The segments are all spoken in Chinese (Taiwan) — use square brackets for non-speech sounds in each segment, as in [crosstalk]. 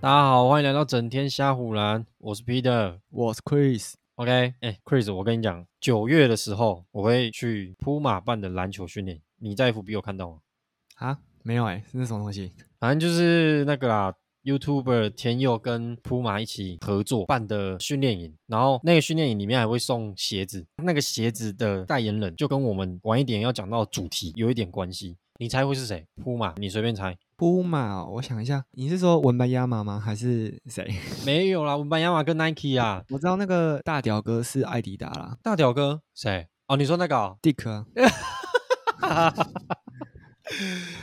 大家好，歡迎來到整天蝦唬籃。我是 Peter，我是 Chris。OK，哎、欸，Chris，我跟你講，九月的時候我會去 Puma 辦的籃球訓練，你在 FB 有看到嗎？啊，沒有。哎、欸，是那什麼東西？反正就是那個啦，YouTuber 天佑跟 Puma 一起合作辦的訓練營，然後那個訓練營裡面還會送鞋子，那個鞋子的代言人就跟我們晚一點要講到的主題有一點關係。你猜會是誰？Puma，你隨便猜。Puma、哦，我想一下，你是說文班亞馬嗎？還是誰？ [laughs] 沒有啦，文班亞馬跟 Nike 啊。我知道那個大屌哥是艾迪達啦。大屌哥誰？哦，你說那個、哦、Dick、啊。哈哈哈哈哈哈！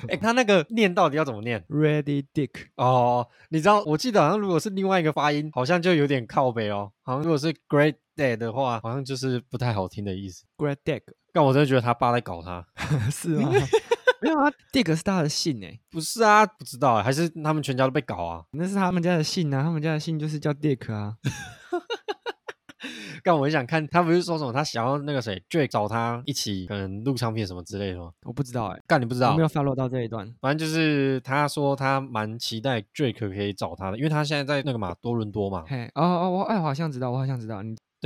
哎，他那個念到底要怎麼念？Ready Dick。哦，你知道，我記得好像如果是另外一個發音，好像就有點靠北哦。好像如果是 Great Dad 的話，好像就是不太好聽的意思。Great Dad，但我真的覺得他爸在搞他。 [laughs] 是嗎？ [laughs] 沒有啊，Dick 是他的姓，欸，、不是啊，不知道還是他們全家都被搞啊？那是他們家的姓啊，他們家的姓就是叫 Dick 啊。 [laughs] 幹，我很想看他不是說什麼，他想要那個誰 Drake 找他一起可能錄唱片什麼之類的嗎？我不知道哎，幹你不知道？沒有 follow 落到這一段。反正就是他說他蠻期待 Drake 可以找他的，因為他現在在那個嘛多倫多嘛。嘿，哦哦，哎，我好像知道，我好像知道你。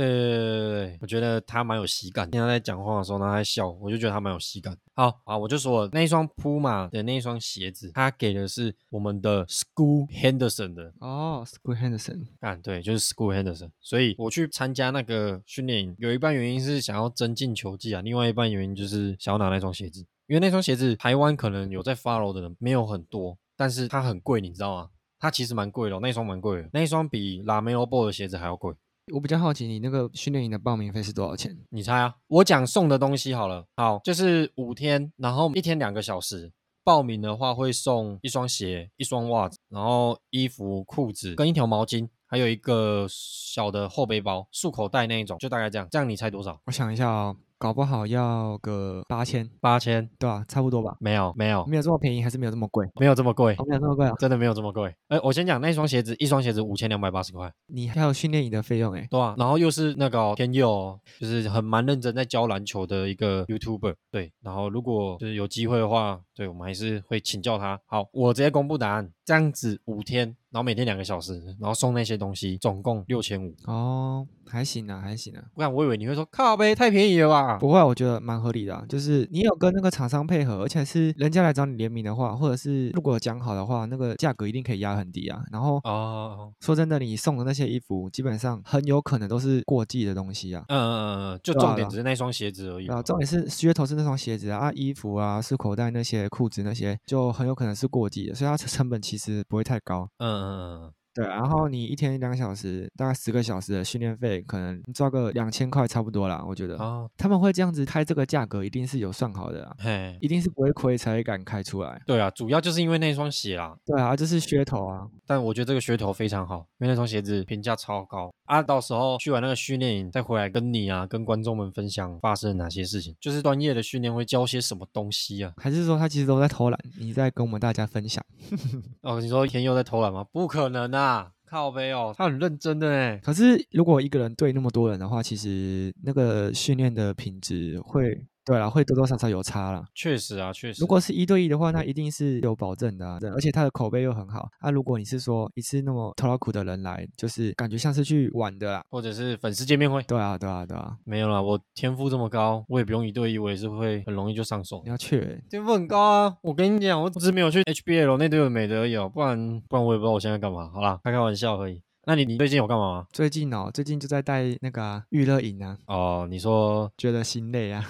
對，對，對，對我覺得他蠻有喜感。聽他在講話的時候，然後還笑，我就覺得他蠻有喜感。好啊，我就說那一雙 Puma 的那一雙鞋子，他給的是我們的 Scoot Henderson 的哦、oh，Scoot Henderson。啊，對，就是 Scoot Henderson。所以我去參加那個訓練營，有一半原因是想要增進球技啊，另外一半原因就是想要拿那雙鞋子，因為那雙鞋子台灣可能有在 follow 的人沒有很多，但是它很貴，你知道嗎？它其實蠻貴的，那一雙蠻貴的，那一雙比 LaMelo Ball、Ball、的鞋子還要貴。我比較好奇，你那個訓練營的報名費是多少錢？你猜啊？我講送的東西好了，好，就是五天，然後一天兩個小時。報名的話會送一雙鞋，一雙襪子，然後衣服、褲子跟一條毛巾，還有一個小的後背包，束口袋那一種，就大概這樣。這樣你猜多少？我想一下啊，哦。搞不好要個八千，八千，對吧、啊？差不多吧。沒有，沒有，沒有這麼便宜，還是沒有這麼貴，沒有這麼貴，oh, 沒有這麼貴、啊，真的沒有這麼貴。哎、欸，我先講那雙鞋子，一雙鞋子五千兩百八十塊。你還有訓練營的費用、欸，哎，對啊。然後又是那個天佑，就是很蠻認真在教籃球的一個 YouTuber。對，然後如果就是有機會的話，對我們還是會請教他。好，我直接公布答案。這樣子五天，然後每天兩個小時，然後送那些東西，總共六千五。哦，還行啊，還行啊。不然我以為你會說靠北，太便宜了吧？不會，我覺得蠻合理的啊。就是你有跟那個廠商配合，而且是人家來找你聯名的話，或者是如果講好的話，那個價格一定可以壓很低啊。然後哦，哦，哦，哦，說真的，你送的那些衣服基本上很有可能都是過季的東西啊。嗯嗯嗯，就重點只是那雙鞋子而已啊，啊，啊。重點是靴頭是那雙鞋子啊，啊，衣服啊是口袋那些褲子那些就很有可能是過季的，所以它成本其實是不會太高。嗯嗯嗯。嗯嗯嗯。對，然後你一天兩小時，大概十個小時的訓練費，可能賺個兩千塊差不多啦，我覺得。啊，他們會這樣子開這個價格，一定是有算好的啦，嘿一定是不會虧才敢開出來。對啊，主要就是因為那雙鞋啦。對啊，就是噱頭啊。但我覺得這個噱頭非常好，因為那雙鞋子評價超高啊。到時候去完那個訓練營再回來跟你啊，跟觀眾們分享發生了哪些事情，就是專業的訓練會教些什麼東西啊？還是說他其實都在偷懶？你在跟我們大家分享。 [laughs] 哦，你說天佑在偷懶嗎？不可能啊！靠北哦，他很認真的欸。可是如果一個人對那麼多人的話，其實那個訓練的品質會。對啊，會多多少少有差啦。確實啊，確實。如果是一對一的話，那一定是有保證的，啊的，而且他的口碑又很好。那、啊、如果你是說一次那麼特老苦的人來，就是感覺像是去玩的啊，或者是粉絲見面會。對啊，對啊，對啊。沒有啦，我天賦這麼高，我也不用一對一，我也是會很容易就上手。你要去？對天賦很高啊！我跟你講，我只是沒有去 HBL、哦、那隊的美德有，不然不然我也不知道我現在幹嘛。好啦，開開玩笑而已。那你你最近有幹嘛？最近哦，最近就在帶那個、啊、育樂營啊。哦、呃，你說覺得心累啊？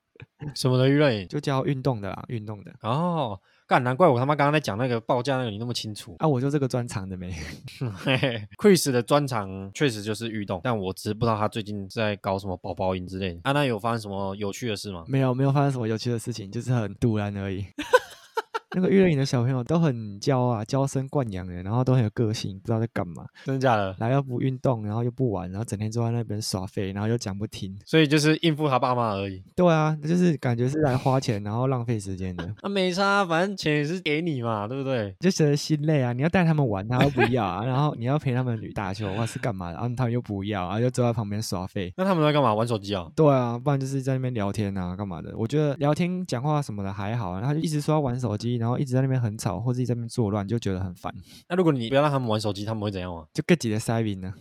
[laughs] 什麼的育樂營？就叫運動的、啊，運動的。哦，幹，難怪我他媽剛剛在講那個報價那個你那麼清楚。啊，我就這個專長的沒 [laughs] 嘿嘿。Chris 的專長確實就是運動，但我知不知道他最近在搞什麼寶寶營之類的？啊，那有發生什麼有趣的事嗎？沒有，沒有發生什麼有趣的事情，就是很突然而已。 [laughs] [laughs] 那個育樂營的小朋友都很嬌啊，嬌生慣養的，然後都很有個性，不知道在幹嘛。真的假的？來又不運動，然後又不玩，然後整天坐在那邊耍廢，然後又講不聽，所以就是應付他爸媽而已。對啊，那就是感覺是來花錢，是然後浪費時間的。那 [laughs] 啊、沒差，反正錢也是給你嘛，對不對？就覺得心累啊，你要帶他們玩，他又不要啊； [laughs] 然後你要陪他們女打球或是幹嘛的，然後他們又不要，然後就坐在旁邊耍廢。 [laughs] 那他們在幹嘛？玩手機啊、哦？對啊，不然就是在那邊聊天啊，幹嘛的？我覺得聊天講話什麼的還好，然後他就一直說要玩手機。然後一直在那邊很吵，或自己在那邊作亂，就覺得很煩。那如果你不要讓他們玩手機，他們會怎樣啊？就各擠着塞屏呢。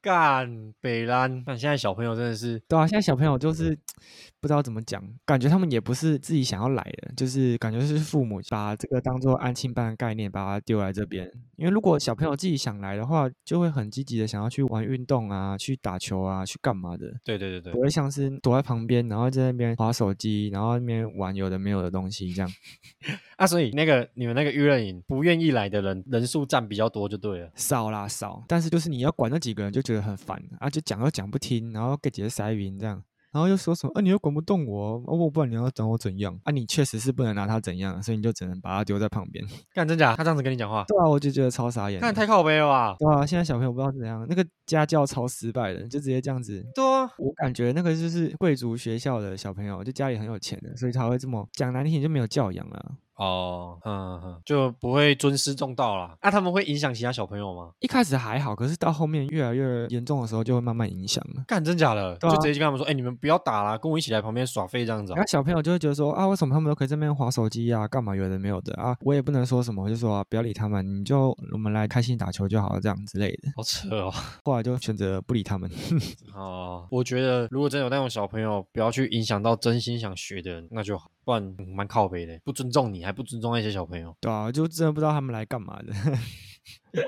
干北蘭，那現在小朋友真的是對啊，現在小朋友就是。嗯不知道怎麼講，感覺他們也不是自己想要來的，就是感覺是父母把這個當做安親班的概念，把他丟在這邊。因為如果小朋友自己想來的話，就會很積極的想要去玩運動啊，去打球啊，去幹嘛的。對對對對，不會像是躲在旁邊，然後在那邊滑手機，然後在那邊玩有的沒有的東西這樣。 [laughs] 啊，所以那個你們那個育樂營不願意來的人人數占比較多就對了，少啦少。但是就是你要管那幾個人就覺得很煩啊，就講又講不聽，然後給直接塞語音這樣。然後又說什麼？啊，你又管不動我，我、哦、不然你要找我怎樣？啊，你確實是不能拿他怎樣，所以你就只能把他丟在旁邊。幹真假？他這樣子跟你講話？對啊，我就覺得超傻眼。那你太靠北了啊！對啊，現在小朋友不知道是怎樣那個。家教超失敗的，就直接這樣子。對啊，我感覺那個就是貴族學校的小朋友，就家裡很有錢的，所以才會這麼講，難聽點，就沒有教養了、啊。哦，嗯，就不會尊師重道了。那、啊、他們會影響其他小朋友嗎？一開始還好，可是到後面越來越嚴重的時候，就會慢慢影響了。幹真假的，啊、就直接跟他們說，哎、欸，你們不要打了，跟我一起來旁邊耍廢這樣子、喔。然後小朋友就會覺得說，啊，為什麼他們都可以在那邊滑手機啊？幹嘛有的沒有的啊？我也不能說什麼，就說啊，不要理他們，你就我們來開心打球就好了，這樣之類的。好扯哦。 [laughs] 就選擇不理他們。哦、啊，我覺得如果真的有那種小朋友，不要去影響到真心想學的人，那就好，不然蠻、嗯、靠北的，不尊重你，還不尊重那些小朋友。對啊，就真的不知道他們來幹嘛的。 [laughs]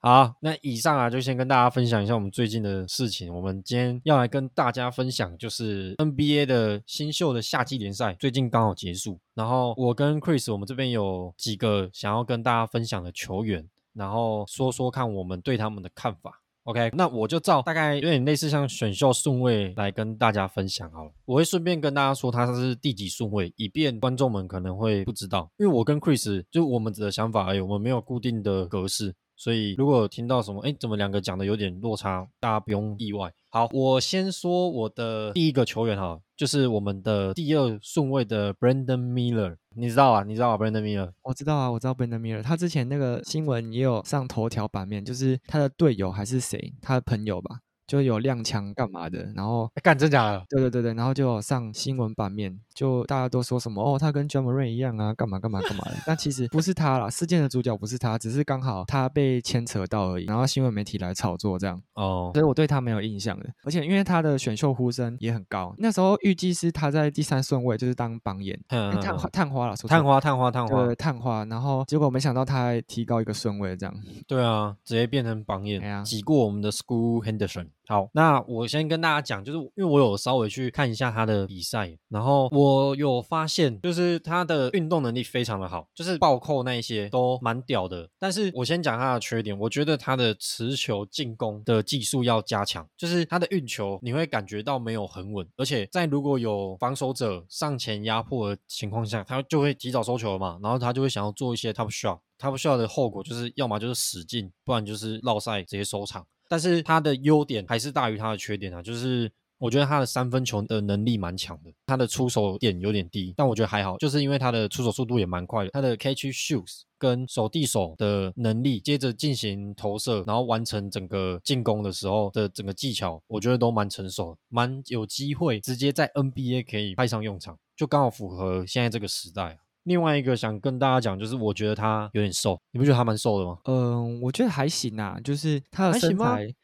好、啊，那以上啊，就先跟大家分享一下我們最近的事情。我們今天要來跟大家分享，就是 NBA 的新秀的夏季聯賽最近剛好結束，然後我跟 Chris，我們這邊有幾個想要跟大家分享的球員，然後說說看我們對他們的看法。OK，那我就照大概有點類似像選秀順位來跟大家分享好了。我會順便跟大家說他是第幾順位，以便觀眾們可能會不知道。因為我跟 Chris，就我們的想法而已，我們沒有固定的格式。所以，如果有聽到什麼，哎，怎麼兩個講的有點落差？大家不用意外。好，我先說我的第一個球員哈，就是我們的第二順位的 Brandon Miller。你知道啊？你知道啊？Brandon Miller？我知道啊，我知道 Brandon Miller。他之前那個新聞也有上頭條版面，就是他的隊友還是誰？他的朋友吧。就有亮槍幹嘛的，然後幹、欸、真假了？對對對對，然後就上新聞版面，就大家都說什麼哦，他跟 Ja Morant 一樣啊，幹嘛幹嘛幹嘛？幹嘛幹嘛的。但 [laughs] 其實不是他啦，事件的主角不是他，只是剛好他被牽扯到而已。然後新聞媒體來炒作這樣哦，所以我對他沒有印象的。而且因為他的選秀呼聲也很高，那時候預計是他在第三順位，就是當榜眼，探探花了，探花探花探花，探花探花對探花。然後結果沒想到他還提高一個順位，這樣對啊，直接變成榜眼，擠、啊、過我們的 Scoot Henderson。好，那我先跟大家講，就是因為我有稍微去看一下他的比賽，然後我有發現，就是他的運動能力非常的好，就是暴扣那一些都蠻屌的。但是我先講他的缺點，我覺得他的持球進攻的技術要加強，就是他的運球你會感覺到沒有很穩，而且在如果有防守者上前壓迫的情況下，他就會提早收球了嘛，然後他就會想要做一些 top shot，top shot 的後果就是要麼就是使勁，不然就是繞賽直接收場。但是他的優點還是大於他的缺點啊！就是我覺得他的三分球的能力蠻強的，他的出手點有點低，但我覺得還好，就是因為他的出手速度也蠻快的，他的 catch shoot 跟手遞手的能力，接着進行投射，然後完成整個進攻的時候的整個技巧，我覺得都蠻成熟的，蠻有機會直接在 NBA 可以派上用場，就剛好符合現在這個時代啊。另外一個想跟大家講，就是我覺得他有點瘦，你不覺得他蠻瘦的嗎？嗯、呃，我覺得還行啊，就是他的身材。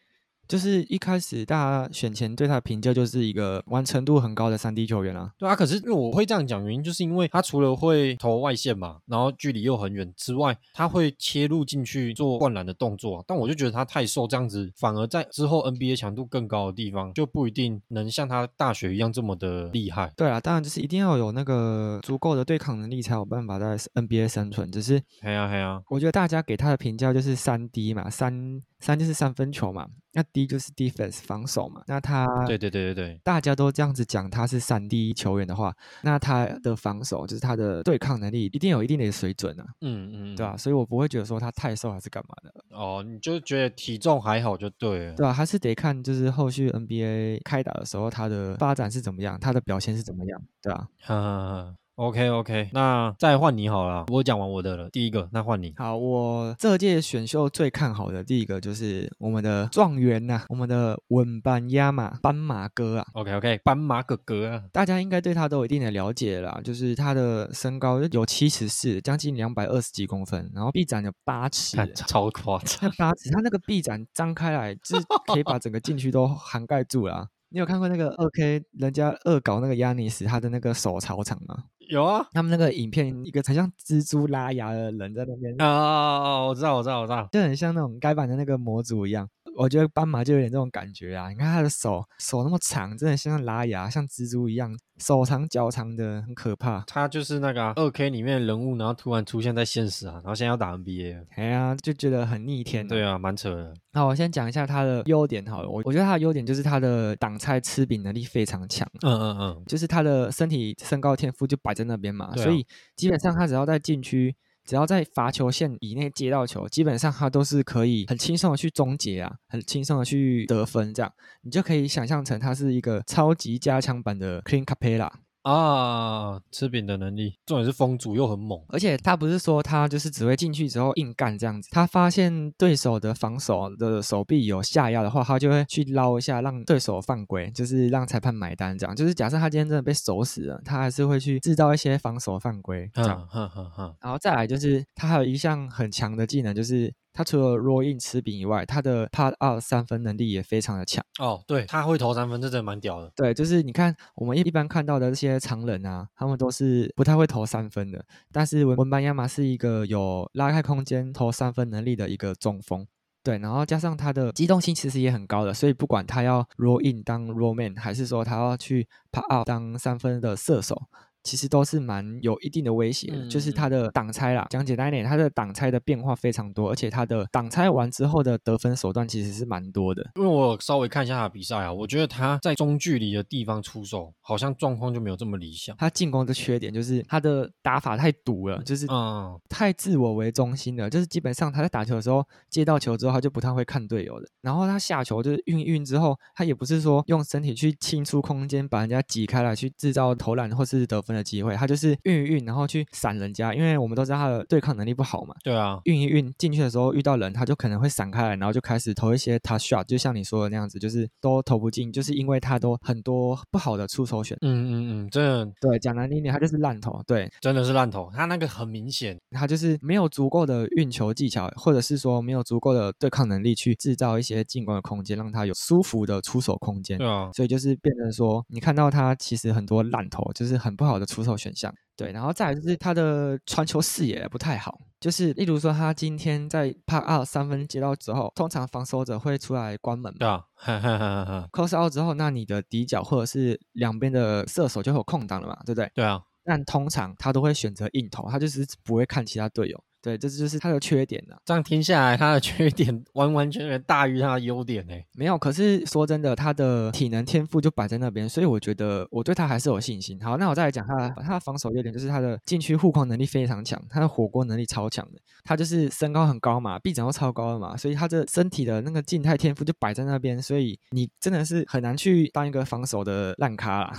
就是一開始大家選前對他的評價就是一個完成度很高的三 D 球員啊。對啊，可是我會這樣講，原因就是因為他除了會投外線嘛，然後距離又很遠之外，他會切入進去做灌籃的動作啊。但我就覺得他太瘦，這樣子反而在之後 NBA 強度更高的地方就不一定能像他大學一樣這麼的厲害。對啊，當然就是一定要有那個足夠的對抗能力才有辦法在 NBA 生存。只是，是啊是啊。我覺得大家給他的評價就是三 D 嘛，三。三就是三分球嘛，那 D 就是 defense 防守嘛，那他對對對對對，大家都這樣子講，他是三 D 球員的話，那他的防守就是他的對抗能力一定有一定的一個水準啊。嗯嗯，對啊，所以我不會覺得說他太瘦還是幹嘛的。哦，你就覺得體重還好就對了，對啊，還是得看就是後續 NBA 開打的時候，他的發展是怎麼樣，他的表現是怎麼樣，對吧？哈哈哈哈 OK OK，那再換你好了。我講完我的了，第一個，那換你。好，我這屆選秀最看好的第一個就是我們的狀元吶、啊，我們的文班亞馬斑馬哥啊。OK OK，斑馬哥哥，啊，大家應該對他都有一定的了解啦，就是他的身高有七十四，將近兩百二十幾公分，然後臂展有八尺，超誇張，八尺、欸，他那個臂展張開來，就是可以把整個禁區都涵蓋住了。 [laughs] 你有看過那個二 K 人家惡搞那個亞尼斯他的那個手超長嗎？有啊，他們那個影片，一個才像蜘蛛拉牙的人在那邊啊，我知道，我知道，我知道，嗯嗯嗯、就很像那種改版的那個模組一樣。我覺得斑馬就有點這種感覺啊！你看他的手，手那麼長，真的像拉牙，像蜘蛛一樣，手長腳長的，很可怕。他就是那個二 K 裡面的人物，然後突然出現在現實啊，然後現在要打 NBA 了。哎呀，就覺得很逆天、啊嗯。對啊，蠻扯的。那我先講一下他的優點好了。我我覺得他的優點就是他的擋拆吃餅能力非常強。嗯嗯嗯。就是他的身體身高天賦就擺在那邊嘛，啊、所以基本上他只要在禁區。只要在罰球線以內接到球，基本上他都是可以很輕鬆的去終結啊，很輕鬆的去得分。這樣你就可以想象成他是一個超級加強版的 Clint Capela。啊，吃餅的能力，重點是封阻，又很猛，而且他不是說他就是只會進去之後硬幹這樣子，他發現對手的防守的手臂有下壓的話，他就會去撈一下讓對手犯規，就是讓裁判買單這樣，就是假設他今天真的被守死了，他還是會去制造一些防守犯規這樣，呵呵呵，然後再來就是他還有一項很強的技能就是。他除了 roll in 吃餅以外，他的 pop out 三分能力也非常的強哦。Oh, 對，他會投三分，這真的蠻屌的。對，就是你看我們一般看到的這些長人啊，他們都是不太會投三分的。但是文班亞馬是一個有拉開空間投三分能力的一個中鋒。對，然後加上他的機動性其實也很高的，所以不管他要 roll in 當 roll man，還是說他要去 pop out 當三分的射手。其實都是蠻有一定的威脅的，嗯、就是他的擋拆啦。講簡單一點，他的擋拆的變化非常多，而且他的擋拆完之後的得分手段其實是蠻多的。因為我稍微看一下他的比賽啊，我覺得他在中距離的地方出手好像狀況就沒有這麼理想。他進攻的缺點就是他的打法太獨了，就是嗯太自我為中心了，就是基本上他在打球的時候接到球之後，他就不太會看隊友了。然後他下球就是運運之後，他也不是說用身體去清出空間把人家擠開來去製造投籃或是得分。的機會，他就是運一運，然後去閃人家，因為我們都知道他的對抗能力不好嘛。對啊，運一運進去的時候遇到人，他就可能會閃開來，然後就開始投一些 touch shot，就像你說的那樣子，就是都投不進，就是因為他都很多不好的出手選擇。嗯嗯嗯，真的，對，講難聽點，他就是爛投。對，真的是爛投。他那個很明顯，他就是沒有足夠的運球技巧，或者是說沒有足夠的對抗能力去製造一些進攻的空間，讓他有舒服的出手空間。對啊，所以就是變成說，你看到他其實很多爛投，就是很不好。的出手選項，對，然後再來就是他的傳球視野不太好，就是例如說他今天在 part out 三分接到之後，通常防守者會出來關門。對啊，哈哈哈哈哈，close out 之後，那你的底角或者是兩邊的射手就有空檔了嘛，對不對？對啊，但通常他都會選擇硬投，他就是不會看其他隊友。對，這就是他的缺點了啊。這樣聽下來，他的缺點完完全全大於他的優點呢。沒有，可是說真的，他的體能天賦就擺在那邊，所以我覺得我對他還是有信心。好，那我再來講他，他的防守優點就是他的禁區護框能力非常強，他的火鍋能力超強的。他就是身高很高嘛，臂展都超高的嘛，所以他這身體的那個靜態天賦就擺在那邊，所以你真的是很難去當一個防守的爛咖了。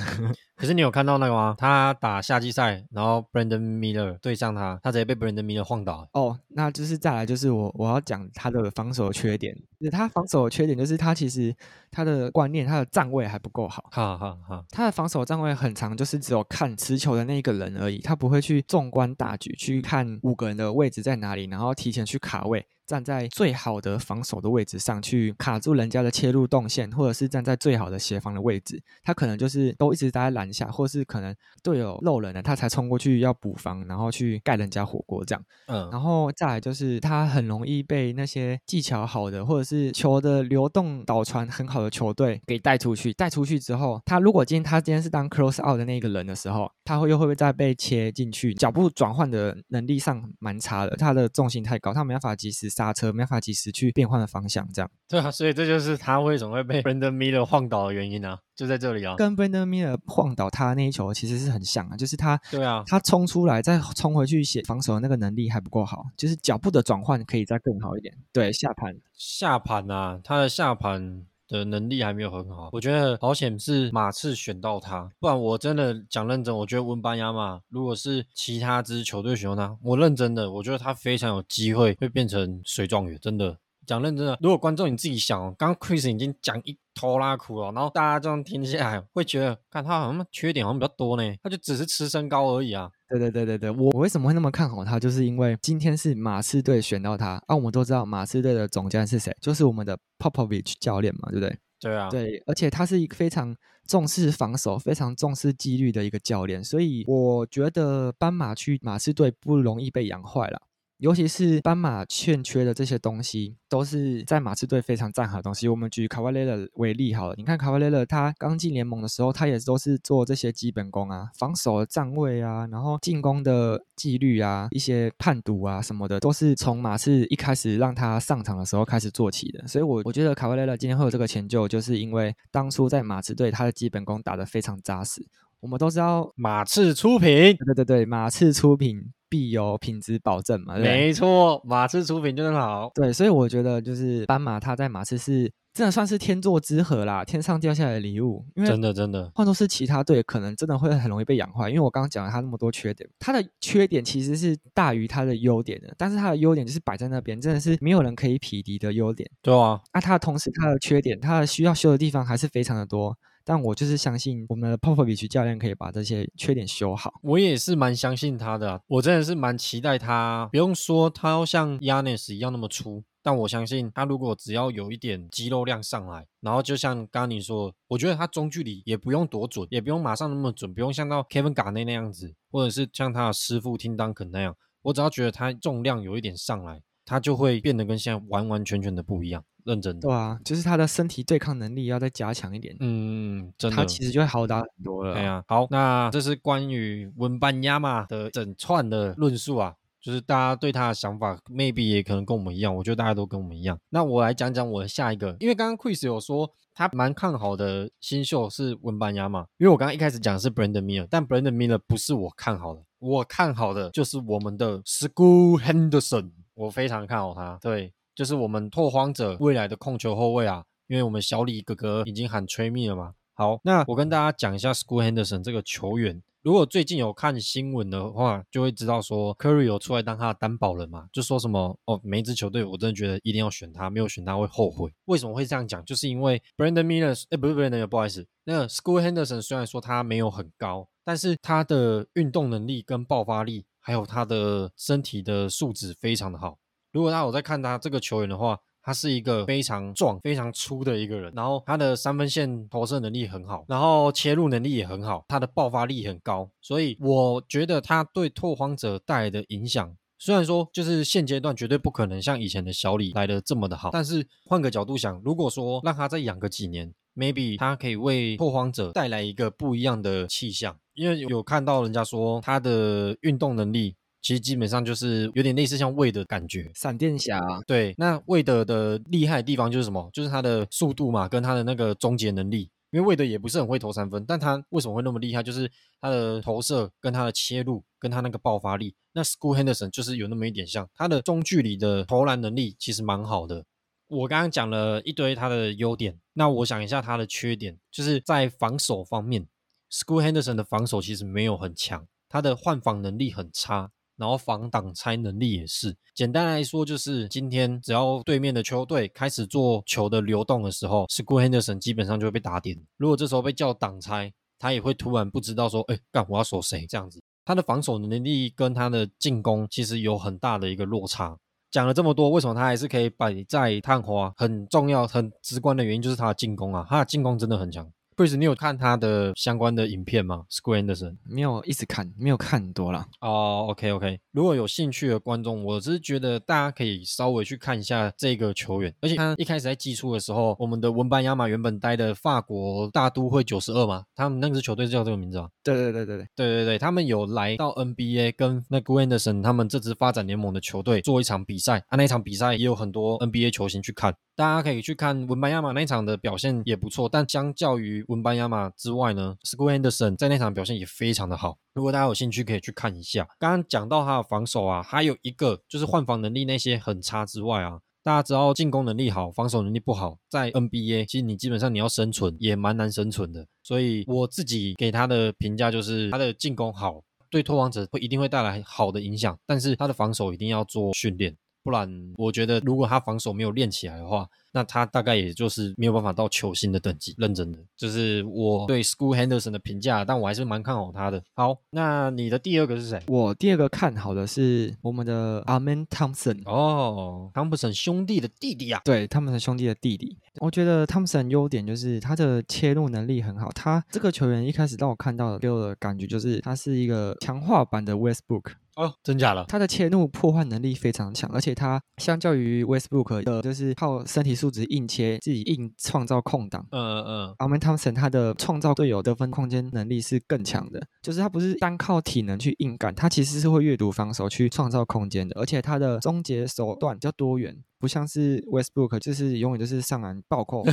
可是你有看到那個嗎？他打夏季賽，然後 Brandon Miller 對上他，他直接被 Brandon Miller 晃倒。哦，那就是再來就是我我要講他的防守缺點。其實他防守的缺點就是他其實他的觀念、他的站位還不夠好。好好好，他的防守站位很常，就是只有看持球的那一個人而已，他不會去縱觀大局，去看五個人的位置在哪裡，然後提前去卡位，站在最好的防守的位置上去卡住人家的切入動線，或者是站在最好的協防的位置。他可能就是都一直待在籃下，或者是可能隊友漏人了，他才衝過去要補防，然後去蓋人家火鍋這樣。嗯，然後再來就是他很容易被那些技巧好的或者是。是球的流動導傳很好的球隊給帶出去，帶出去之後，他如果今天他今天是當 cross out 的那一個人的時候，他會又會不會再被切進去？腳步轉換的能力上蠻差的，他的重心太高，他沒辦法及時剎車，沒辦法及時去變換的方向，這樣。對啊，所以這就是他為什麼會被 Brandon Miller 晃倒的原因啊。就在這裡啊，跟 Brandon Miller 晃倒他那一球其實是很像啊，就是他，對啊，他衝出來再衝回去寫防守的那個能力還不夠好，就是腳步的轉換可以再更好一點。對，下盤下盤啊，他的下盤的能力還沒有很好。我覺得好險是馬刺選到他，不然我真的講認真，我覺得溫班亞馬，如果是其他支球隊選他，我認真的，我覺得他非常有機會會變成水狀元，真的講認真的。如果觀眾你自己想哦，剛剛 Chris 已經講一拖拉苦了，然後大家這樣聽起來會覺得，看他好像缺點好像比較多呢。他就只是吃身高而已啊。對對對對對，我為什麼會那麼看好他，就是因為今天是馬刺隊選到他。啊，我們都知道馬刺隊的總監是誰，就是我們的 Popovich 教練嘛，對不對？對啊，對，而且他是一個非常重視防守、非常重視紀律的一個教練，所以我覺得斑馬去馬刺隊不容易被養壞了。尤其是斑馬欠缺的這些東西，都是在馬刺隊非常讚好的東西。我們舉卡瓦雷勒為例，好了，你看卡瓦雷勒，他剛進聯盟的時候，他也是都是做這些基本功啊，防守的站位啊，然後進攻的紀律啊，一些判讀啊什麼的，都是從馬刺一開始讓他上場的時候開始做起的。所以，我我覺得卡瓦雷勒今天會有這個成就，就是因為當初在馬刺隊，他的基本功打得非常扎實。我們都知道馬刺出品，出品對對對，馬刺出品，必有品質保證嘛？沒錯，馬刺出品就很好。對，所以我覺得就是斑馬，它在馬刺是真的算是天作之合啦，天上掉下來的禮物。因為真的真的，換作是其他隊，可能真的會很容易被養壞。因為我剛剛講了它那麼多缺點，它的缺點其實是大於它的優點的。但是它的優點就是擺在那邊，真的是沒有人可以匹敵的優點。對啊，那它、啊、同時它的缺點，它的需要修的地方還是非常的多。但我就是相信我們的 Popovich 教練可以把這些缺點修好。我也是蠻相信他的啊，我真的是蠻期待他。不用說他要像 Giannis 一樣那麼粗，但我相信他如果只要有一點肌肉量上來，然後就像剛剛你說，我覺得他中距離也不用多準，也不用馬上那麼準，不用像到 Kevin Garnett 那樣子，或者是像他的師傅 Tim Duncan 那樣，我只要覺得他重量有一點上來，他就會變得跟現在完完全全的不一樣。認真的對啊，就是他的身體對抗能力要再加強一點，嗯，真的他其實就會好打很多了、啊。對呀、啊，好，那這是關於文班亞馬的整串的論述啊，就是大家對他的想法，maybe 也可能跟我們一樣。我覺得大家都跟我們一樣。那我來講講我的下一個，因為剛剛 Chris 有說他蠻看好的新秀是文班亞馬，ama, 因為我剛剛一開始講的是 Brandon Miller，但 Brandon Miller 不是我看好的，我看好的就是我們的 Scoot Henderson，我非常看好他。對。就是我們拓荒者未來的控球後衛啊，因為我們小李哥哥已經喊吹滅了嘛。好，那我跟大家講一下 Scoot Henderson 這個球員。如果最近有看新聞的話，就會知道說 Curry 有出來當他的擔保人嘛，就說什麼哦，每一支球隊我真的覺得一定要選他，沒有選他會後悔。為什麼會這樣講？就是因為 Brandon Miller，誒、欸，不是，是 Brandon，不好意思。那個、Scoot Henderson 雖然說他沒有很高，但是他的運動能力跟爆發力，還有他的身體的素質非常的好。如果讓我再看他這個球員的話，他是一個非常壯、非常粗的一個人，然後他的三分線投射能力很好，然後切入能力也很好，他的爆發力很高，所以我覺得他對拓荒者帶來的影響，雖然說就是現階段絕對不可能像以前的小李來的這麼的好，但是換個角度想，如果說讓他再養個幾年，maybe 他可以為拓荒者帶來一個不一樣的氣象，因為有看到人家說他的運動能力。其實基本上就是有點類似像韋德的感覺，閃電俠。對，那韋德的厲害的地方就是什麼？就是他的速度嘛，跟他的那個終結能力。因為韋德也不是很會投三分，但他為什麼會那麼厲害？就是他的投射跟他的切入跟他那個爆發力。那 Scoot Henderson 就是有那麼一點像，他的中距離的投籃能力其實蠻好的。我剛剛講了一堆他的優點，那我想一下他的缺點，就是在防守方面，Scoot Henderson 的防守其實沒有很強，他的換防能力很差。然後防擋拆能力也是，簡單來說就是今天只要對面的球隊開始做球的流動的時候，Scoot Henderson 基本上就會被打點。如果這時候被叫擋拆，他也會突然不知道說，哎，幹我要鎖誰這樣子。他的防守能力跟他的進攻其實有很大的一個落差。講了這麼多，為什麼他還是可以擺在探花？很重要、很直觀的原因就是他的進攻啊，他的進攻真的很強。你有看他的相關的影片嗎 Scoot Henderson 沒有，一直看沒有看很多啦哦。Uh, OK OK，如果有興趣的觀眾，我只是覺得大家可以稍微去看一下這個球員，而且他一開始在技術的時候，我們的文班亞馬原本待的法國大都會九十二嘛，他們那支球隊是叫這個名字嗎？對對對對對對對,對他們有來到 NBA 跟那 Scoot Henderson 他們這支發展聯盟的球隊做一場比賽啊，那一場比賽也有很多 NBA 球星去看，大家可以去看文班亞馬那一場的表現也不錯，但相較於。文班亞馬之外呢，Scoot Henderson 在那場表現也非常的好。如果大家有興趣，可以去看一下。剛剛講到他的防守啊，還有一個就是換防能力那些很差之外啊，大家知道進攻能力好，防守能力不好，在 NBA 其實你基本上你要生存也蠻難生存的。所以我自己給他的評價就是，他的進攻好，對拓荒者會一定會帶來好的影響，但是他的防守一定要做訓練。不然，我覺得如果他防守沒有練起來的話，那他大概也就是沒有辦法到球星的等級。認真的，就是我對 Scoot Henderson 的評價，但我還是蠻看好他的。好，那你的第二個是誰？我第二個看好的是我們的 Amen Thompson。哦、oh,，Thompson 兄弟的弟弟啊？對，他們的兄弟的弟弟。我覺得 Thompson 優點就是他的切入能力很好。他這個球員一開始讓我看到的給我的感覺就是他是一個強化版的 Westbrook。哦，真假了！他的切入破壞能力非常強，而且他相較於 Westbrook 的，就是靠身體素質硬切，自己硬創造空檔、嗯。嗯嗯嗯 Amen Thompson 他的創造隊友得分空間能力是更強的，就是他不是單靠體能去硬幹，他其實是會閱讀防守去創造空間的，而且他的終結手段較多元，不像是 Westbrook 就是永遠就是上籃暴扣。 [laughs]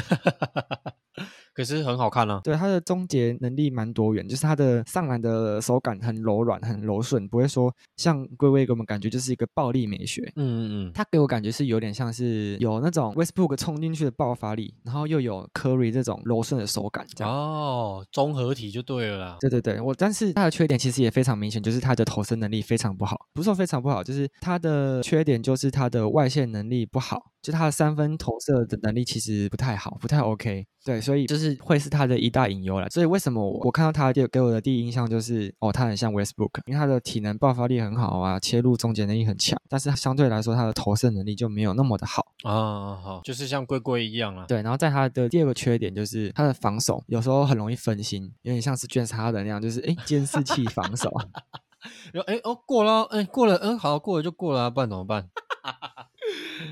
可是很好看啊！對，他的終結能力蠻多元，就是他的上籃的手感很柔軟、很柔順，不會說像龜龜給我們感覺就是一個暴力美學。嗯嗯嗯，他給我感覺是有點像是有那種 Westbrook 衝進去的爆發力，然後又有 Curry 這種柔順的手感，這樣哦，綜合體就對了啦。對對對，我但是他的缺點其實也非常明顯，就是他的投射能力非常不好。不是說非常不好，就是他的缺點就是他的外線能力不好，就他的三分投射的能力其實不太好，不太 OK。對，所以就是。會是他的一大隱憂啦，所以為什麼我，我看到他給我的第一印象就是，哦，他很像 Westbrook，ok, 因為他的體能爆發力很好啊，切入終結能力很強，但是相對來說他的投射能力就沒有那麼的好啊。好，好，就是像龜龜一樣啊。對，然後在他的第二個缺點就是他的防守有時候很容易分心，有點像是 James Harden 那樣，就是哎監視器防守然後哎哦，過了，哦過了，哎過了，嗯好過了就過了，啊，不然怎麼辦？ [laughs]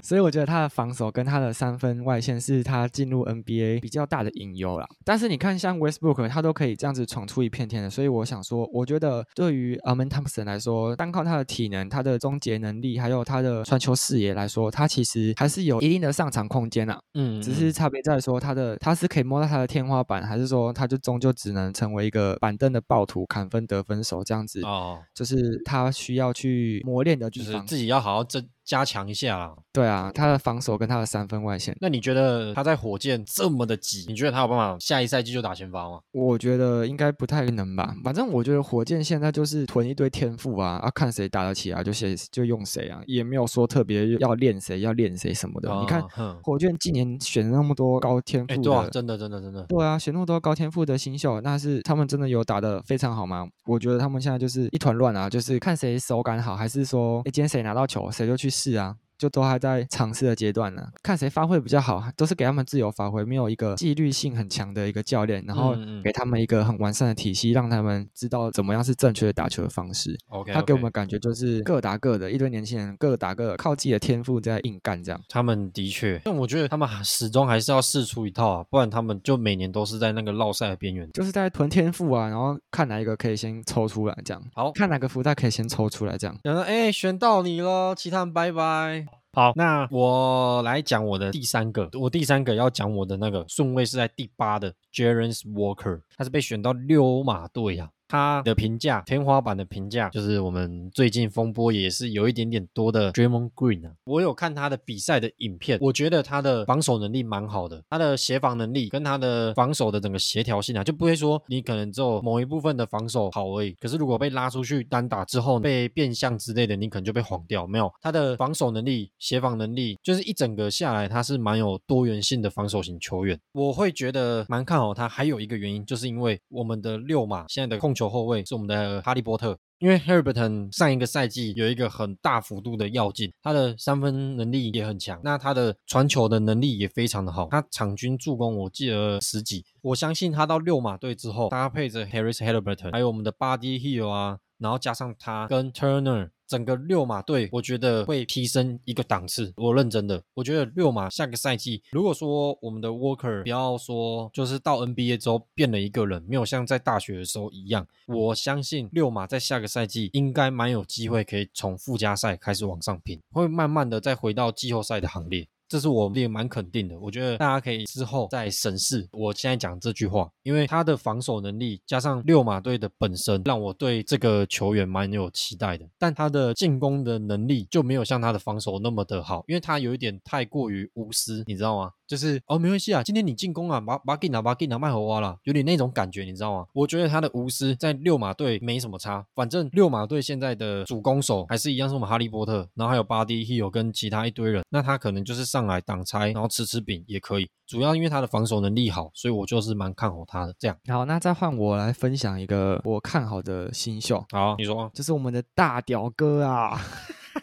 所以我覺得他的防守跟他的三分外線是他進入 NBA 比較大的隱憂了。但是你看，像 Westbrook，他都可以這樣子闖出一片天的，所以我想說，我覺得對於 Amen Thompson 來說，單靠他的體能、他的終結能力，還有他的傳球視野來說，他其實還是有一定的上場空間啦。嗯，只是差別在說他的他是可以摸到他的天花板，還是說他就終究只能成為一個板凳的暴徒砍分得分手這樣子？哦，就是他需要去磨練的嗯嗯，就是自己要好好爭。加強一下啦！對啊，他的防守跟他的三分外線。那你覺得他在火箭這麼的擠，你覺得他有辦法下一賽季就打前鋒嗎？我覺得應該不太能吧。反正我覺得火箭現在就是囤一堆天賦啊，要、啊、看誰打得起啊，就誰就用誰啊，也沒有說特別要練誰要練誰什麼的。啊、你看呵火箭今年選了那麼多高天賦、欸、啊真的真的真的，真的真的對啊，選那麼多高天賦的新秀，那是他們真的有打得非常好嗎？我覺得他們現在就是一團亂啊，就是看誰手感好，還是說、欸、今天誰拿到球誰就去。是啊。就都還在嘗試的階段呢、啊，看誰發揮比較好，都是給他們自由發揮，沒有一個紀律性很強的一個教練，然後給他們一個很完善的體系，讓他們知道怎麼樣是正確的打球的方式。OK，okay。他給我們感覺就是各打各的，一堆年輕人各打各的，靠自己的天賦在硬幹這樣。他們的確，但我覺得他們始終還是要試出一套啊，不然他們就每年都是在那個落賽的邊緣，就是在囤天賦啊，然後看哪一個可以先抽出來這樣，好，看哪個福袋可以先抽出來這樣。然後哎，選到你了，其他人拜拜。好，那我來講我的第三個，我第三個要講我的那個順位是在第八的 Jarace Walker，他是被選到溜馬隊呀、啊。他的評價，天花板的評價，就是我們最近風波也是有一點點多的 Draymond Green 啊，我有看他的比賽的影片，我覺得他的防守能力蠻好的，他的協防能力跟他的防守的整個協調性啊，就不會說你可能只有某一部分的防守好而已。可是如果被拉出去單打之後，被變相之類的，你可能就被晃掉，沒有他的防守能力、協防能力，就是一整個下來，他是蠻有多元性的防守型球員。我會覺得蠻看好他。還有一個原因，就是因為我們的溜馬現在的控。球後衛是我們的哈利波特，因為 Haliburton 上一個賽季有一個很大幅度的躍進，他的三分能力也很強，那他的傳球的能力也非常的好，他場均助攻我記得十幾，我相信他到六馬隊之後，搭配着 Harris Haliburton，還有我們的 Buddy Hill 啊，然後加上他跟 Turner。整個溜馬隊，我覺得會提升一個檔次。我認真的，我覺得溜馬下個賽季，如果說我們的 Walker 不要說，就是到 NBA 之後變了一個人，沒有像在大學的時候一樣，我相信溜馬在下個賽季應該蠻有機會，可以從附加賽開始往上拼，會慢慢的再回到季後賽的行列。這是我也蠻肯定的，我覺得大家可以之後再審視我現在講這句話，因為他的防守能力加上溜馬隊的本身，讓我對這個球員蠻有期待的。但他的進攻的能力就沒有像他的防守那麼的好，因為他有一點太過於無私，你知道嗎？就是哦，沒關係啊，今天你進攻啊，把把、啊啊啊、給拿，把給拿麥和花了，有點那種感覺，你知道嗎？我覺得他的無私在六馬隊沒什麼差，反正六馬隊現在的主攻手還是一樣是我們哈利波特，然後還有巴蒂希爾跟其他一堆人，那他可能就是上來擋拆，然後吃吃餅也可以，主要因為他的防守能力好，所以我就是蠻看好他的。這樣，好，那再換我來分享一個我看好的新秀，好、啊，你說、啊，這是我們的大屌哥啊，哈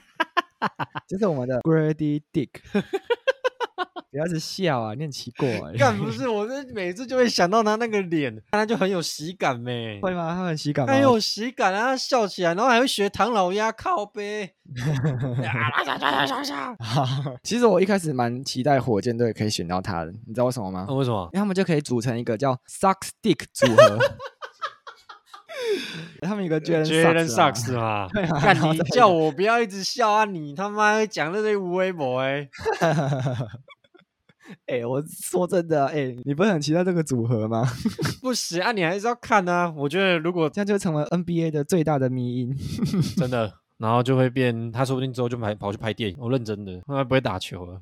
哈哈，這是我們的 Gradey Dick。 [laughs] [laughs] 不要是笑啊？你很奇怪、啊。幹不是，我這每次就會想到他那個臉， [laughs] 他就很有喜感唄、欸。會嗎？他很喜感嗎？他很有喜感、啊，然他笑起來，然後還會學唐老鴨靠背。 [laughs] [laughs] 其實我一開始蠻期待火箭隊可以選到他的，你知道為什麼嗎？為什麼？因為他們就可以組成一個叫 Suck Stick 組合。 [laughs] 他們一個絕絕人 sucks 看你叫我不要一直笑啊！你他媽會講這些無微博哎、欸！哎、 [laughs] [laughs] 欸，我說真的哎、欸，你不是很期待這個組合嗎？ [laughs] 不行啊，你還是要看啊。我覺得如果這樣，就成為 NBA 的最大的迷因。 [laughs] 真的，然後就會變，他說不定之後就跑,跑去拍電影。我認真的，他不會打球了。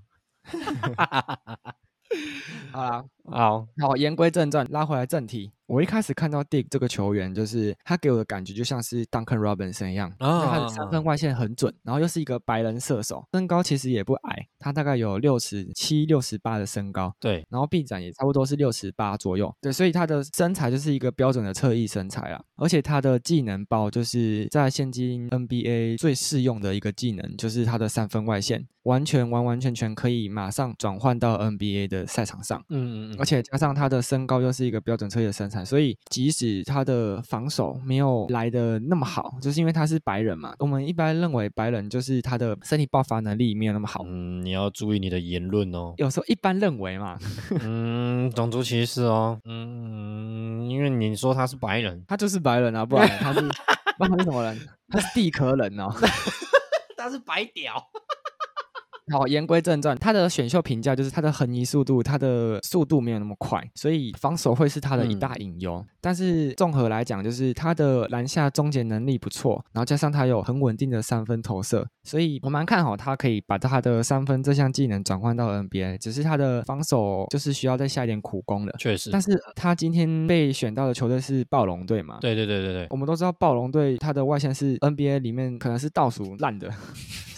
啊！ [laughs] [laughs] 好好言歸正傳，拉回來正題。我一開始看到 Dick 這個球員，就是他給我的感覺就像是 Duncan Robinson 一樣，uh uh. 他的三分外線很準，然後又是一個白人射手，身高其實也不矮，他大概有六十七、六十八的身高，對，然後臂展也差不多是六十八左右，對，所以他的身材就是一個標準的側翼身材啊。而且他的技能包就是在現今 NBA 最適用的一個技能，就是他的三分外線，完全完完全全可以馬上轉換到 NBA 的賽場上。嗯嗯嗯。而且加上他的身高又是一個標準車的身材，所以即使他的防守沒有來得那麼好，就是因為他是白人嘛。我們一般認為白人就是他的身體爆發能力沒有那麼好。嗯，你要注意你的言論哦。有時候一般認為嘛。 [laughs] 嗯，種族歧視哦。嗯，因為你說他是白人，他就是白人啊，不然他是，那他 [laughs] 是什麼人？他是地殼人哦， [laughs] 他是白屌。好，言歸正傳，他的選秀評價就是他的橫移速度，他的速度沒有那麼快，所以防守會是他的一大隱憂。嗯、但是綜合來講，就是他的籃下終結能力不錯，然後加上他有很穩定的三分投射，所以我蠻看好他可以把他的三分這項技能轉換到 NBA，只是他的防守就是需要再下一點苦功的，確實是，但是他今天被選到的球隊是暴龍隊嘛？對對對對對，我們都知道暴龍隊他的外線是 NBA 裡面可能是倒數爛的。 [laughs]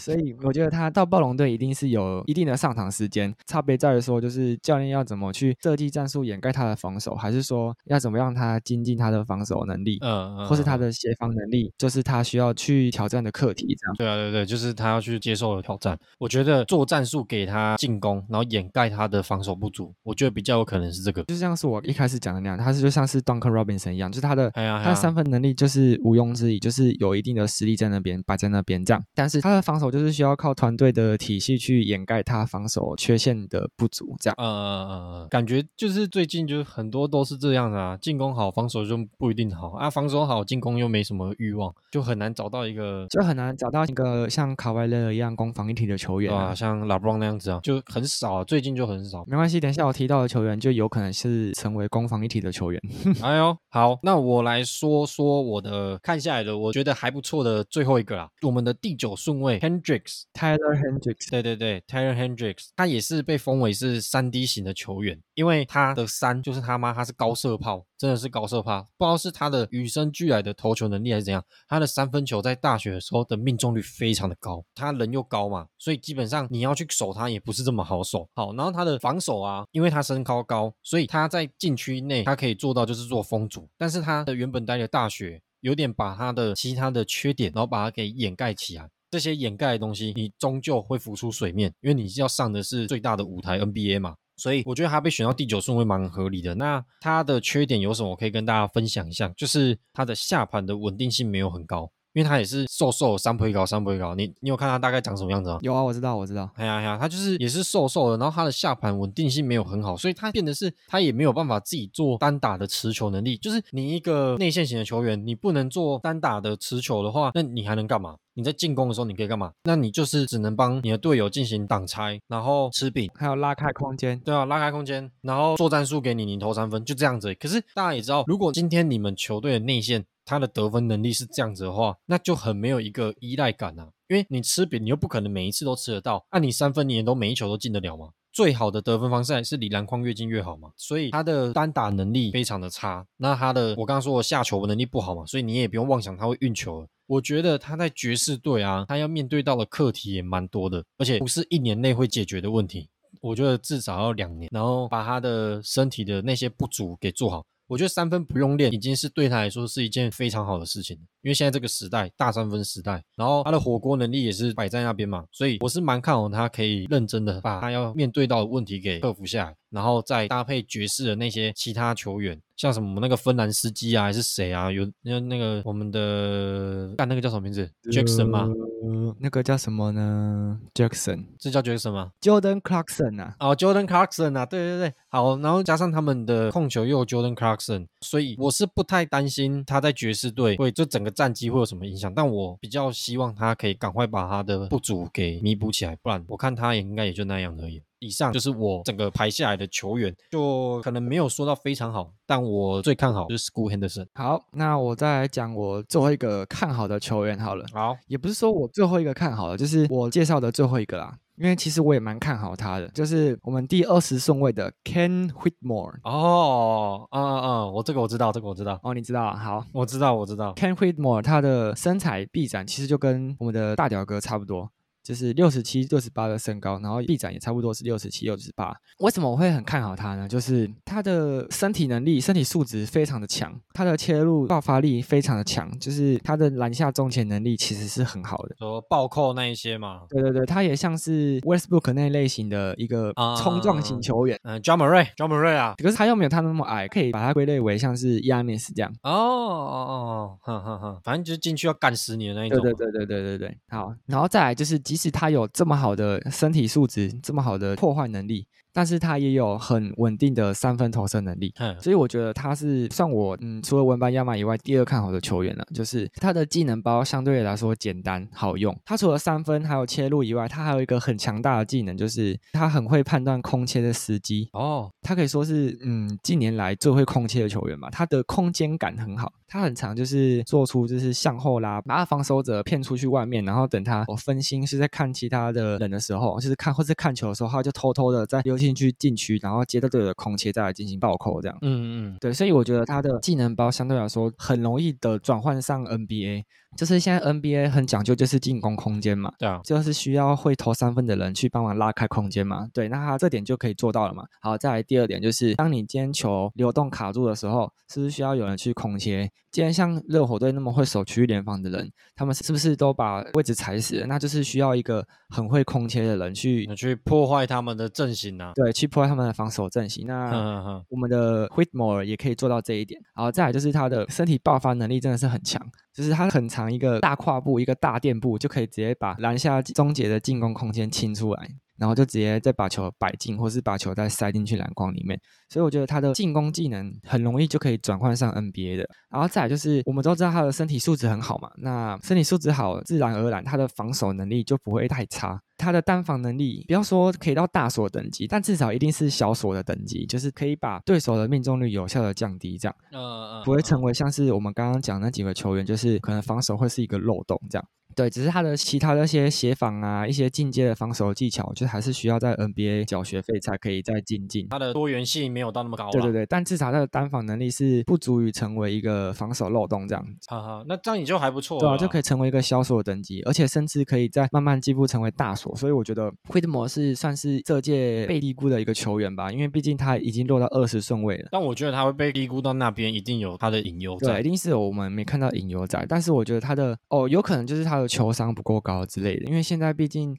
所以我覺得他到暴龍隊一定是有一定的上場時間，差別在於說，就是教練要怎麼去設計戰術掩蓋他的防守，還是說要怎麼讓他精進他的防守能力，嗯，嗯或是他的協防能力，嗯、就是他需要去挑戰的課題，這樣。對啊，對對，就是他要去接受的挑戰。我覺得做戰術給他進攻，然後掩蓋他的防守不足，我覺得比較有可能是這個。就是像是我一開始講的那樣，他是就像是 Duncan Robinson 一樣，就是他的、哎、呀他的三分能力就是毋庸置疑，就是有一定的實力在那邊擺在那邊這樣，但是他的防守。就是需要靠團隊的體系去掩蓋他防守缺陷的不足，這樣。嗯嗯嗯嗯嗯，感覺就是最近就很多都是這樣的啊，進攻好，防守就不一定好啊，防守好，進攻又沒什麼慾望，就很難找到一個，就很難找到一個像卡瓦勒一樣攻防一體的球員啊，啊像拉布朗那樣子啊，就很少啊，最近就很少。沒關係，等一下我提到的球員就有可能是成為攻防一體的球員。 [laughs] 哎呦，好，那我來說說我的看下來的，我覺得還不錯的最後一個啦，我們的第九順位，d r Taylor Hendricks，對對對，Taylor Hendricks，他也是被封為是三 D 型的球員，因為他的三就是他媽他是高射炮，真的是高射炮，不知道是他的與生俱來的投球能力還是怎樣，他的三分球在大學的時候的命中率非常的高，他人又高嘛，所以基本上你要去守他也不是這麼好守。好，然後他的防守啊，因為他身高高，所以他在禁區內他可以做到就是做封阻，但是他的原本待的大學有點把他的其他的缺點，然後把它給掩蓋起來。這些掩蓋的東西，你終究會浮出水面，因為你是要上的是最大的舞台 NBA 嘛，所以我覺得他被選到第九順位蠻合理的。那他的缺點有什麼？我可以跟大家分享一下，就是他的下盤的穩定性沒有很高。因為他也是瘦瘦的，三不一高，三不一高。你你有看他大概長什麼樣子嗎？有啊，我知道，我知道。哎呀呀，他就是也是瘦瘦的，然後他的下盤穩定性沒有很好，所以他變的是他也沒有辦法自己做單打的持球能力。就是你一個內線型的球員，你不能做單打的持球的話，那你還能幹嘛？你在進攻的時候你可以幹嘛？那你就是只能幫你的隊友進行擋拆，然後吃餅，還有拉開空間。對啊，拉開空間，然後做戰術給你，你投三分，就這樣子。可是大家也知道，如果今天你們球隊的內線。他的得分能力是這樣子的話，那就很沒有一個依賴感啊。因為你吃餅，你又不可能每一次都吃得到。那你三分，你也都每一球都進得了嗎？最好的得分方式還是離籃筐越近越好嘛。所以他的單打能力非常的差。那他的，我剛剛說我下球能力不好嘛，所以你也不用妄想他會運球了。我覺得他在爵士隊啊，他要面對到的課題也蠻多的，而且不是一年內會解決的問題。我覺得至少要兩年，然後把他的身體的那些不足給做好。我覺得三分不用練，已經是對他來說是一件非常好的事情。因為現在這個時代大三分時代，然後他的火鍋能力也是擺在那邊嘛，所以我是蠻看好他可以認真的把他要面對到的問題給克服下來，然後再搭配爵士的那些其他球員，像什麼那個芬蘭斯基啊還是誰啊，有那那個、那個、我們的干那個叫什麼名字、呃、Jackson 嗎、呃？那個叫什麼呢？Jackson，這叫 Jackson 嗎？Jordan Clarkson 啊，哦、oh，Jordan Clarkson 啊，對對對，好，然後加上他們的控球又有 Jordan Clarkson，所以我是不太擔心他在爵士隊會就整個。戰機會有什麼影響？但我比較希望他可以趕快把他的不足給彌補起來，不然我看他也應該也就那樣而已。以上就是我整個排下來的球員，就可能沒有說到非常好，但我最看好就是 Scoot Henderson。好，那我再來講我最後一個看好的球員好了。好，也不是說我最後一個看好了，就是我介紹的最後一個啦，因為其實我也蠻看好他的，就是我們第二十順位的 Cam Whitmore。哦，啊、嗯、啊、嗯，我這個我知道，這個我知道。哦，你知道了。好，我知道，我知道。Cam Whitmore 他的身材臂展其實就跟我們的大屌哥差不多。就是六十七、六十八的身高，然後臂展也差不多是六十七、六十八。為什麼我會很看好他呢？就是他的身體能力、身體素質非常的強，他的切入爆發力非常的強，就是他的籃下終結能力其實是很好的。說暴扣那一些嘛？對對對，他也像是 Westbrook 那類型的一個衝撞型球員，嗯 Ja Morant，Ja Morant 啊。可是他又沒有他那麼矮，可以把他歸類為像是 Giannis 這樣。哦哦哦，哼哼哼，反正就是進去要幹十年那一種。對，對對對對對對對，好，然後再來就是。即使他有這麼好的身體素質，這麼好的破壞能力。但是他也有很穩定的三分投射能力，嗯嘿，所以我覺得他是算我嗯除了文班亞馬以外第二看好的球員了，啊，就是他的技能包相對來說簡單好用。他除了三分還有切入以外，他還有一個很強大的技能，就是他很會判斷空切的時機。哦，他可以說是嗯近年來最會空切的球員嘛，他的空間感很好，他很常就是做出就是向後拉，把防守者騙出去外面，然後等他我分心是在看其他的人的時候，就是看或者看球的時候，他就偷偷的在溜。進去禁區，然後接到隊友的空切，再來進行暴扣，這樣。嗯嗯嗯，對，所以我覺得他的技能包相對來說很容易的轉換上 NBA。就是現在 NBA 很講究，就是進攻空間嘛，對啊，就是需要會投三分的人去幫忙拉開空間嘛，對，那他這點就可以做到了嘛。好，再來第二點，就是當你今天球流動卡住的時候，是不是需要有人去空切？既然像熱火隊那麼會守區域聯防的人，他們是不是都把位置踩死了？那就是需要一個很會空切的人去去破壞他們的陣型啊，對，去破壞他們的防守陣型。那我們的 Whitmore 也可以做到這一點。好，再來就是他的身體爆發能力真的是很強。就是他很長一個大跨步，一個大墊步，就可以直接把籃下終結的進攻空間清出來，然後就直接再把球擺進，或是把球再塞進去籃筐裡面。所以我覺得他的進攻技能很容易就可以轉換上 NBA 的。然後再來就是我們都知道他的身體素質很好嘛，那身體素質好，自然而然他的防守能力就不會太差。他的單防能力，不要說可以到大鎖等級，但至少一定是小鎖的等級，就是可以把對手的命中率有效的降低，這樣，呃，不會成為像是我們剛剛講的那幾個球員，就是可能防守會是一個漏洞這樣。對，只是他的其他那些協防啊，一些進階的防守技巧，就還是需要在 NBA 繳學費才可以再進階。他的多元性沒有到那麼高。對對對，但至少他的單防能力是不足以成為一個防守漏洞這樣子。哈哈，那這樣也就還不錯。對啊，就可以成為一個小鎖的等級，而且甚至可以再慢慢進步成為大鎖。所以我覺得惠特摩是算是這屆被低估的一個球員吧，因為畢竟他已經落到二十順位了。但我覺得他會被低估到那邊，一定有他的隱憂在。對，一定是我們沒看到隱憂在。但是我覺得他的哦，有可能就是他的。球商不夠高之類的，因為現在畢竟，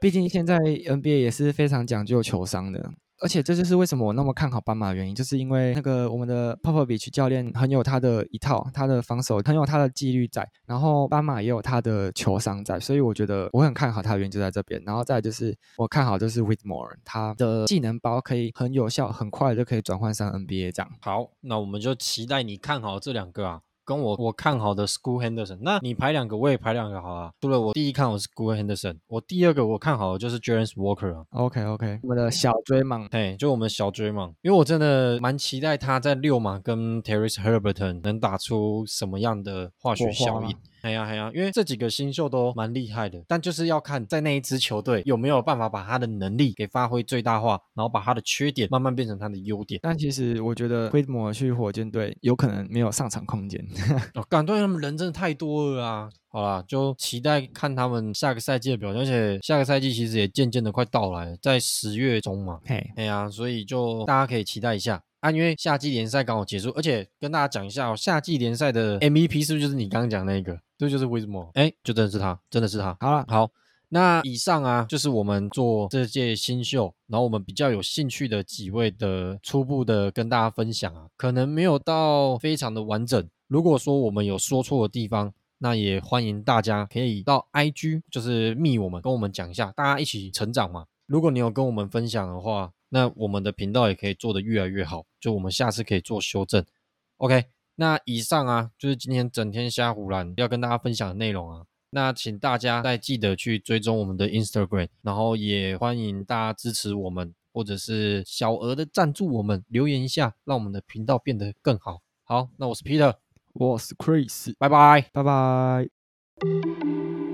畢竟現在 NBA 也是非常講究球商的，而且這就是為什麼我那麼看好斑馬的原因，就是因為那個我們的 Popovich 教練很有他的一套，他的防守很有他的紀律在，然後斑馬也有他的球商在，所以我覺得我很看好他的原因就在這邊。然後再就是我看好就是 Whitmore，他的技能包可以很有效，很快就可以轉換上 NBA 這樣。好，那我們就期待你看好這兩個啊。跟我我看好的 Scoot Henderson，那你排兩個，我也排兩個，好啊。除了我第一看好 Scoot Henderson，我第二個我看好的就是 Jarace Walker。OK OK，我們的小追夢，對，就我們小追夢，因為我真的蠻期待他在溜馬跟 Tyrese Haliburton 能打出什麼樣的化學效應。哎呀，哎呀，因為這幾個新秀都蠻厲害的，但就是要看在那一支球隊有沒有辦法把他的能力給發揮最大化，然後把他的缺點慢慢變成他的優點。但其實我覺得 Whitmore 去火箭隊有可能沒有上場空間。哦，感覺他們人真的太多了啊！好啦，就期待看他們下個賽季的表現，而且下個賽季其實也漸漸的快到來了，在十月中嘛。嘿，哎呀，所以就大家可以期待一下。因為夏季聯賽剛好結束，而且跟大家講一下哦，夏季聯賽的 MVP 是不是就是你剛剛講那個？對，就是 Whitmore 哎，就真的是他，真的是他。好了，好，那以上啊，就是我們做這屆新秀，然後我們比較有興趣的幾位的初步的跟大家分享啊，可能沒有到非常的完整。如果說我們有說錯的地方，那也歡迎大家可以到 IG 就是密我們，跟我們講一下，大家一起成長嘛。如果你有跟我們分享的話。那我們的頻道也可以做得越來越好，就我們下次可以做修正。OK，那以上啊，就是今天整天蝦唬籃要跟大家分享的內容啊。那請大家再記得去追蹤我們的 Instagram，然後也歡迎大家支持我們，或者是小額的贊助我們，留言一下，讓我們的頻道變得更好。好，那我是 Peter，我是 Chris，拜拜，拜拜 bye。Bye bye